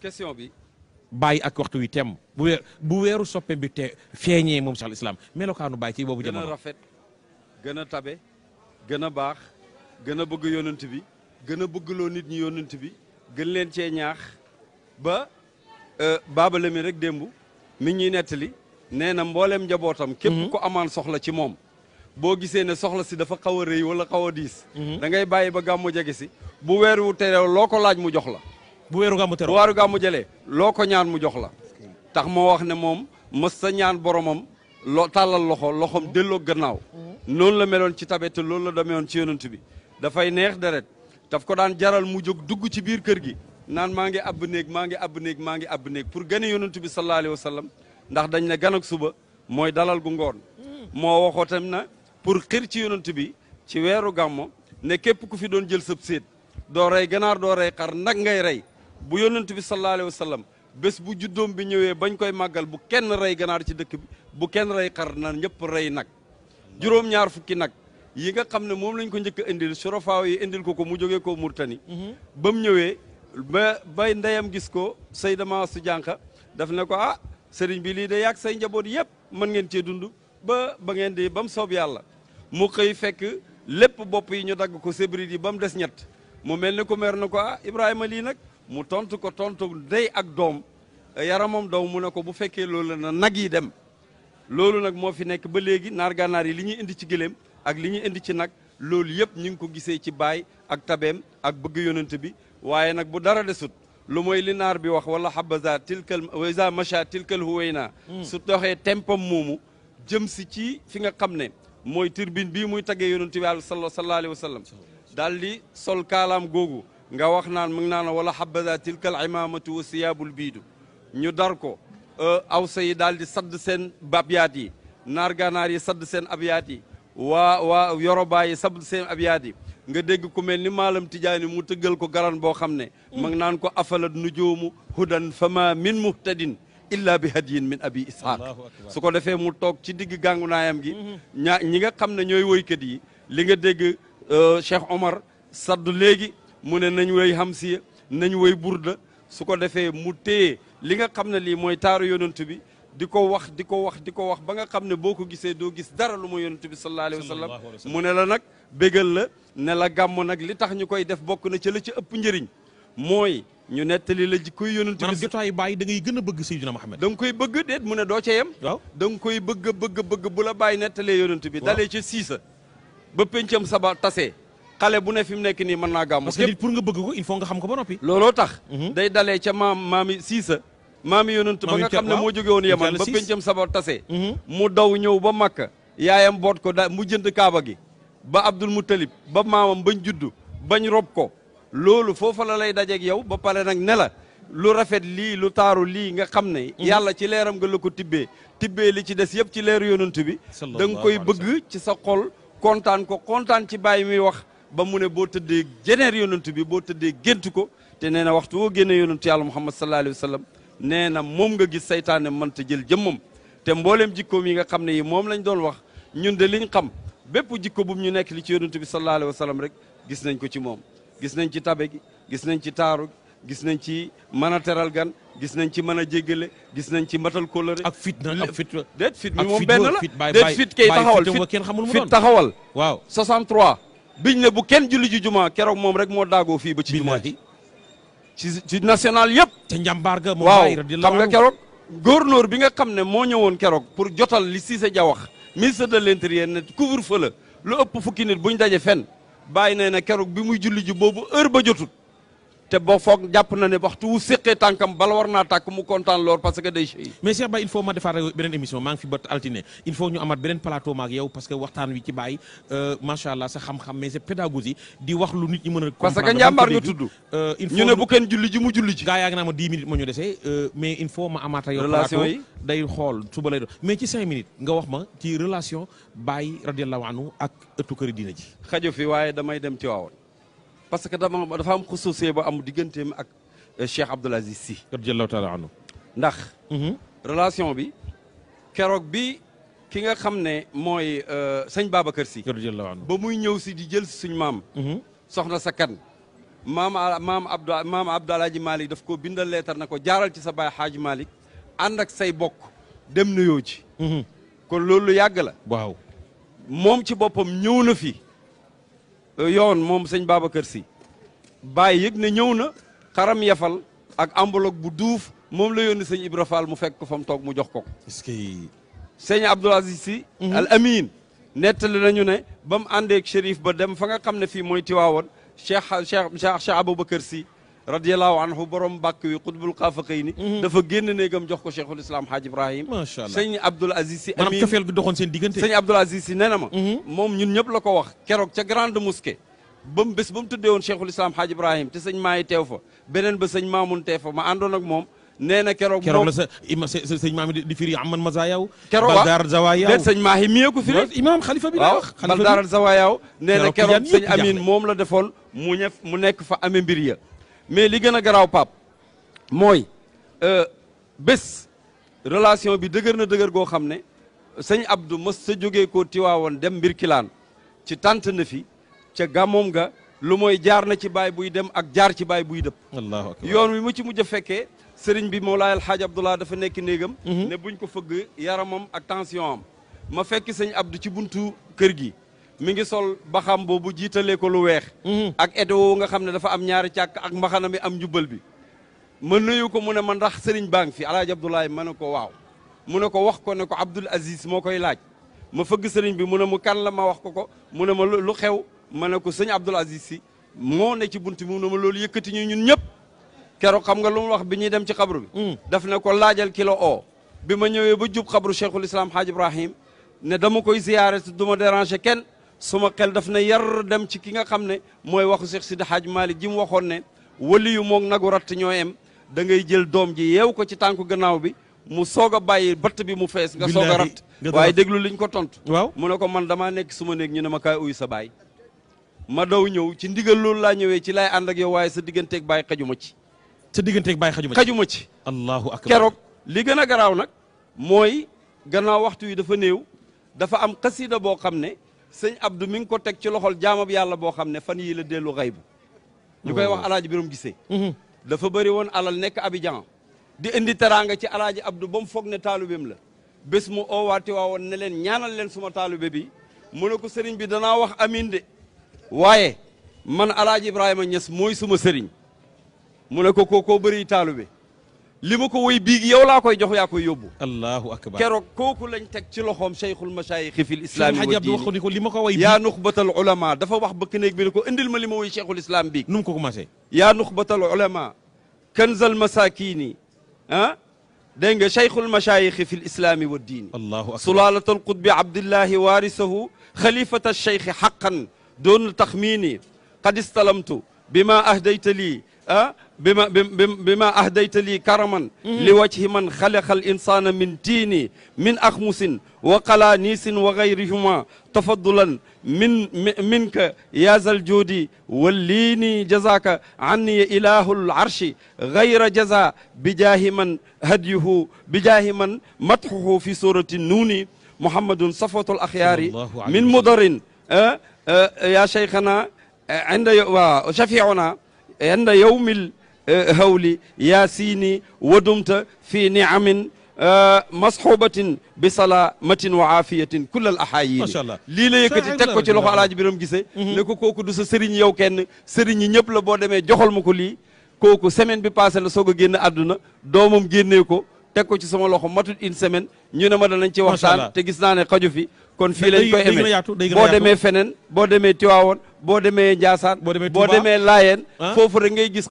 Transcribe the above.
question bi. bàyyi ak waxtu wi tem bu weer bu weeru soppe bi te feeñee moom sax islam melokaanu bàyyi ci boobu jamono. gën a rafet gën a tabe gën a baax gën a bëgg yonent bi gën a bëggloo nit ñi yonent bi gën leen cee ñaax ba euh, baabale mi rek démb mi ñuy nettali nee na mbooleem njabootam. képp mhm. ku amaan soxla ci moom. boo gisee ne soxla si dafa xaw a rëy wala xaw a diis. Mhm. da ngay bàyyi ba gàmmu jege si. bu weer wu teree loo ko laaj mu jox la. bu weeru gàmmu teroo bu waaru gàmmu jalee loo ko ñaan mu jox la tax moo wax ne moom mës sa ñaan boromam loo tàllal loxo loxom delloo gannaaw noonu la meloon ci tabet lool la demewoon ci yonent bi dafay neex deret daf ko daan jaral mu jóg dugg ci biir kër gi naan maa ngi àbb néeg maa ngi àbb néeg maa ngi àbb néeg pour gane yonent bi sallallahu alayhi wa sallam ndax dañ ne gan ak suba mooy dalal gu ngoon moo waxoo tam na pour xir ci yonent bi ci weeru gàmmo ne képp ku fi doon jël sëb séet doo ganaar doo rey nag ngay rey bu yonent bi sallallahu alayhi wa sallam bés bu juddoom bi ñëwee bañ koy màggal bu kenn rey ganaar ci dëkk bi bu kenn rey xar na ñëpp rey nag juróom-ñaar fukki nag yi nga xam ne moom lañ ko njëkk a indil surafaaw yi indil ko ko mu jóge ko Murtani mhm. ba mu ñëwee ba bay ndeyam gis ko say dama su jànqa daf ne ko ah sëriñ bi lii de yàgg say njaboot yëpp mën ngeen cee dund ba ba ngeen di ba mu soob yàlla mu xëy fekk lépp bopp yi ñu dagg ko sébrit yi ba mu des ñett mu mel ne ko mer ah, Ibrahima lii nag mu tontu ko tontu ndey ak doom eh, yaramam daw mu ne ko bu fekkee loolu la na nag yi dem loolu nag moo fi nekk ba léegi naar gànnaar yi li ñuy indi ci gëléem ak li ñu indi ci nag loolu yëpp ñu ngi ko gisee ci baay ak tabeem ak bëgg yonent bi waaye nag bu dara desut lu mooy li naar bi wax wala habaza tilkal wasa macha tilkal huwayna hmm. su doxee tempam moomu jëm si ci fi nga xam ne mooy turbine bi muy tagee yonent bi àll sal sallallahu alayhi wa sallam daal di sol kaalaam googu nga wax naan mu ngi naan wala xabada tilka alimamatu wa siyaabul biidu ñu dar ko aw yi daal di sadd seen abyaat yi nar ganaar yi sadd sen abyaat yi wa waa yorobaa yi sadd seen yi nga deg ku melni malam tidiane mu tëggal ko garan bo xamne ne ngi naan ko afalat nujuumu hudan fama min muhtadin illa bi min abi ishaq su ko defee mu toog ci digg gàngu naayam gi ñi nga xam ne ñooy woykat yi li nga dégg Cheikh Omar sadd léegi mu ne nañ woy hamsiya nañ woy burda su ko defee mu téye li nga xam ne lii mooy taaru yonent bi di ko wax di ko wax di ko wax ba nga xam ne boo ko gisee doo gis dara lu ma yonent bi sallallahu alayhi wa sallam mu ne la nag bégal la ne la gàmm nag li tax ñu koy def bokk na ci la ci ëpp njëriñ mooy ñu nettali la ji koy yonent bi maanaam jotaayu bàyyi da ngay gën a bëgg Seydina Muhammad da nga koy bëgg déet mu ne doo ca yem waaw da koy bëgg bëgg bëgg bu la bàyyi nettalee yonent bi dalee ca siisa ba péncam saba tasee xale bu ne fi mu nekk nii mën naa gàmmu. parce que nit pour nga bëgg ko il faut nga xam ko ba noppi. looloo tax. Mhm. day dalee ca maam maami siisa. maami yonent ba nga xam ne moo jóge woon Yaman ba pencam sabar tase. Mhm. mu daw ñëw ba Makka. yaayam boot ko da mu jënd kaaba gi. ba Abdul Muttalib ba maamam bañ juddu bañ rob ko. loolu foofa la lay dajeeg yow ba pare nag ne la. lu rafet lii lu taaru lii nga xam ne. Mhm. yàlla ci leeram nga la ko tibbee. tibbee li ci des yëpp ci leeru yonent bi. da nga koy bëgg ci sa xol kontaan ko kontaan ci bàyyi muy wax. ba mu ne boo tëddee géneer yonent bi boo tëddee gént ko te nee na waxtu woo génne yonent yàlla muhammad sallallahu alayhi wa sallam nee na moom nga gis saytaane mënta jël jëmmam te mbooleem jikkoom yi nga xam ne yi moom lañ doon wax ñun de liñ xam bépp jikko bu ñu nekk li ci yonent bi sallallahu alayhi wa rek gis nañ ko ci moom gis nañ ci tabe gi gis nañ ci taaru gis nañ ci mën teral gan gis nañ ci mën a jéggale gis nañ ci matal kóllëre ak fit na ak fit déet fit mi moom benn la déet fit kay taxawal fit taxawal waaw 63 biñ ne bu kenn julli ji jumaa keroog moom rek moo daagoo fii ba ci jumaa ji ci ci national yëpp te njàmbaar ga waaw xam nga keroog gouverneur bi nga xam ne moo ñëwoon keroog pour jotal li Cissé Dia wax ministre de l'intérieur ne couvre fëla la lu ëpp fukki nit buñ daje fen bàyyi ne keroog bi muy julli ji boobu heure ba jotut te boo foog jàpp na ne waxtu wu séqee tànkam bala war naa tàkk mu kontaan lool parce que day chey mais Cheikh Baye il faut ma defaat rek beneen émission maa ngi fi bët altine il faut ñu amaat beneen plateau maak yow parce que waxtaan wi ci Baye euh, macha allah sa xam-xam mais sa pédagogie di wax lu nit ñi mën a parce que njàmbaar nga tudd euh, ñu ne bu kenn julli ji mu julli ji gaa yaa ngi naa ma 10 minutes euh, mais il ma amaat yow plateau day xool suba lay doon mais ci 5 minutes nga wax ma ci relation Baye radiallahu anhu ak ëttu këri diina ji xajo fi waaye damay dem ci waawoon parce que dama dafa am xusuusee ba am digganteem ak euh, Cheikh Abdoul Aziz Sy. radiyallahu taala anhu ndax. Mhm. relation bi keroog bi ki nga xam ne mooy euh, sëñ Babacar Sy. radiyallahu anhu ba muy ñëw si di jël suñ maam. Mhm. soxna sa kan. maam maam Abdou maam Abdou Alaaji Malick daf koo bindal leetar na ko jaaral ci sa baay Xaaji Malick ànd ak say bokk dem nuyoo ci. Mhm. kon loolu lu yàgg la. waaw moom ci boppam ñëw na fi. yoon moom sëñ Babacar si bàyyi yëg ne ñëw na xaram yafal ak ambaloog bu duuf moom la yónni sëñ Ibra mu fekk ko fa mu toog mu jox ko ko. est-ce que. sëñ Abdoul Aziz Sy. Mhm. al Amin. nettali nañu ne ba mu àndeek shérif ba dem fa nga xam ne fii mooy Tiwaawoon Cheikh Cheikh Cheikh Aboubacar si radiyallahu anhu borom bàkk wi xutbul xaafaqayni dafa génn néegam jox ko cheikhul islam haaj ibrahim macha allah sëñ abdoul aziz si maanaam kafeel gu doxoon seen diggante sëñ abdoul aziz si nee na ma moom ñun ñëpp la ko wax keroog ca grande mosquée ba mu bés ba mu tuddee woon cheikhul islam haaj ibrahim te sëñ maayi teew fa beneen ba sëñ maamun teew fa ma àndoon ak moom nee na keroog keroog la sa ima sëñ maam di firi aman mazaayaw keroog baldaar zawaayaw déet sëñ maahi miyee ko firi imaam xalifa bi la wax baldaar zawaayaw nee na keroog sëñ amin moom la defoon mu ñef mu nekk fa amee mbir ya mais li gën a garaaw Pape mooy euh, bés relation bi dëgër na dëgër goo xam ne sëñ Abdou mës sa jógee ko tiwaawoon dem mbir kilaan ci tànt na fi ca gàmmoom ga lu mooy jaar na ci baay buy dem ak jaar ci baay buy dëpp yoon wi mu ci mujj a fekkee sëriñ bi moo Mawlaay Alxaaj Abdullah dafa nekk néegam mhm. ne buñ ko fëgg yaramam ak tension am ma fekk sëñ Abdou ci buntu kër gi mi ngi sol baxam boobu jiitalee ko lu weex. Mhm. ak etewo nga xam ne dafa am ñaari càkk ak mbaxana mi am njubbal bi. ma nuyu ko mu ne ma ndax sëriñ baa ngi fi alaaji Abdoulaye ma ne ko waaw. mu ne ko wax ko ne ko Abdoul Aziz moo koy laaj. ma fëgg sëriñ bi mu ne mu kan la ma wax ko ko mu ne ma lu xew ma ne ko sëñ Abdoul Aziz si moo ne ci bunt bi mu ma loolu yëkkati ñu ñun ñëpp. keroog xam nga lu mu wax bi ñuy dem ci xabru bi. Mm. daf ne ko laajal kilo oo. bi ma ñëwee ba jub xabru Cheikhul Islam Hadj Ibrahim ne dama koy ziyaare du kenn. suma xel daf na yar dem ci ki nga xam ne mooy waxu Seex Sidi Haaj Maalik ji mu waxoon ne wali yu moog nagu ratt ñoo em da ngay jël doom ji yeew ko ci tànku gannaaw bi mu soog a bàyyi bëtt bi mu fees nga soog a ratt waaye déglu liñ ko tontu waaw mu ne ko man damaa nekk suma néeg ñu ne ma kaay uyu sa baay ma daw ñëw ci ndigal loolu laa ñëwee ci laay ànd ak yow waaye sa digganteeg bàyyi xajuma ci sa digganteeg bàyyi xajuma ci xajuma ci allahu akbar keroog li gën a garaaw nag mooy gannaaw waxtu wi dafa néew dafa am xasida boo xam ne سيدنا عبد المين كو تك سي لوخول جامب يالا بو خامني فان يي لا ديلو غيب نيكاي واخ الحاج بيروم غيسه دا فا بري وون علال نيك ابيجان دي اندي ترانغا سي الحاج عبد بوم فوك ني طالبيم لا بس مو او واتي واو نلن نيانال لن سوما طالبي بي مونوكو سيرين بي دانا واخ امين دي وايي من الحاج ابراهيم نيس موي سوما سيرين مونوكو كوكو بري طالبي li ma ko woy biig yow laa koy jox yaa koy yóbbu allahu akbar keroog kooku lañ teg ci loxoom cheikhul masaayixi fil islaami wa diini wax ko ni ko li ma ko woy yaa nuxbatal ulama dafa wax bëkk néeg bi ne ko indil ma li ma woy cheikhul islam biig nu mu ko commencé yaa nuxbatal ulama kanzal masakini ah dégg nga cheikhul masaayixi fil islaami wa diini allahu akbar sulaalatal qutbi abdillahi waarisahu xalifata cheikhi xaqan doon taxmiini qad istalamtu bima ahdayta lii ah بما, بما أهديت لي كرما لوجه من خلق الإنسان من تين من أخمس وقلانيس وغيرهما تفضلا من منك يا ذا الجود وليني جزاك عني إله العرش غير جزاء بجاه من هديه بجاه من مدحه في سورة النون محمد صفوة الأخيار من مضر أه؟ أه؟ يا شيخنا عند شفيعنا عند يوم hawli yaa siini wadumta fi niamin masxubatin bi salaamatin wa aafiyatin kullal ahaayiini macha allah lii la yëkkati teg ko ci loxo alaaji biram gise ne kooku du sëriñ yow kenn sëriñ yi ñëpp la boo demee joxal ma ko lii kooku semaine bi passé la soog a génn àdduna doomam génnee ko teg ko ci sama loxo matut une semaine ñu ne ma danañ ci waxtaan te gis naa ne xaju fi kon fii lañ koy amee boo demee feneen boo demee Tiwaawoon boo demee Njaasaan boo demee Laayeen ah. foofu rek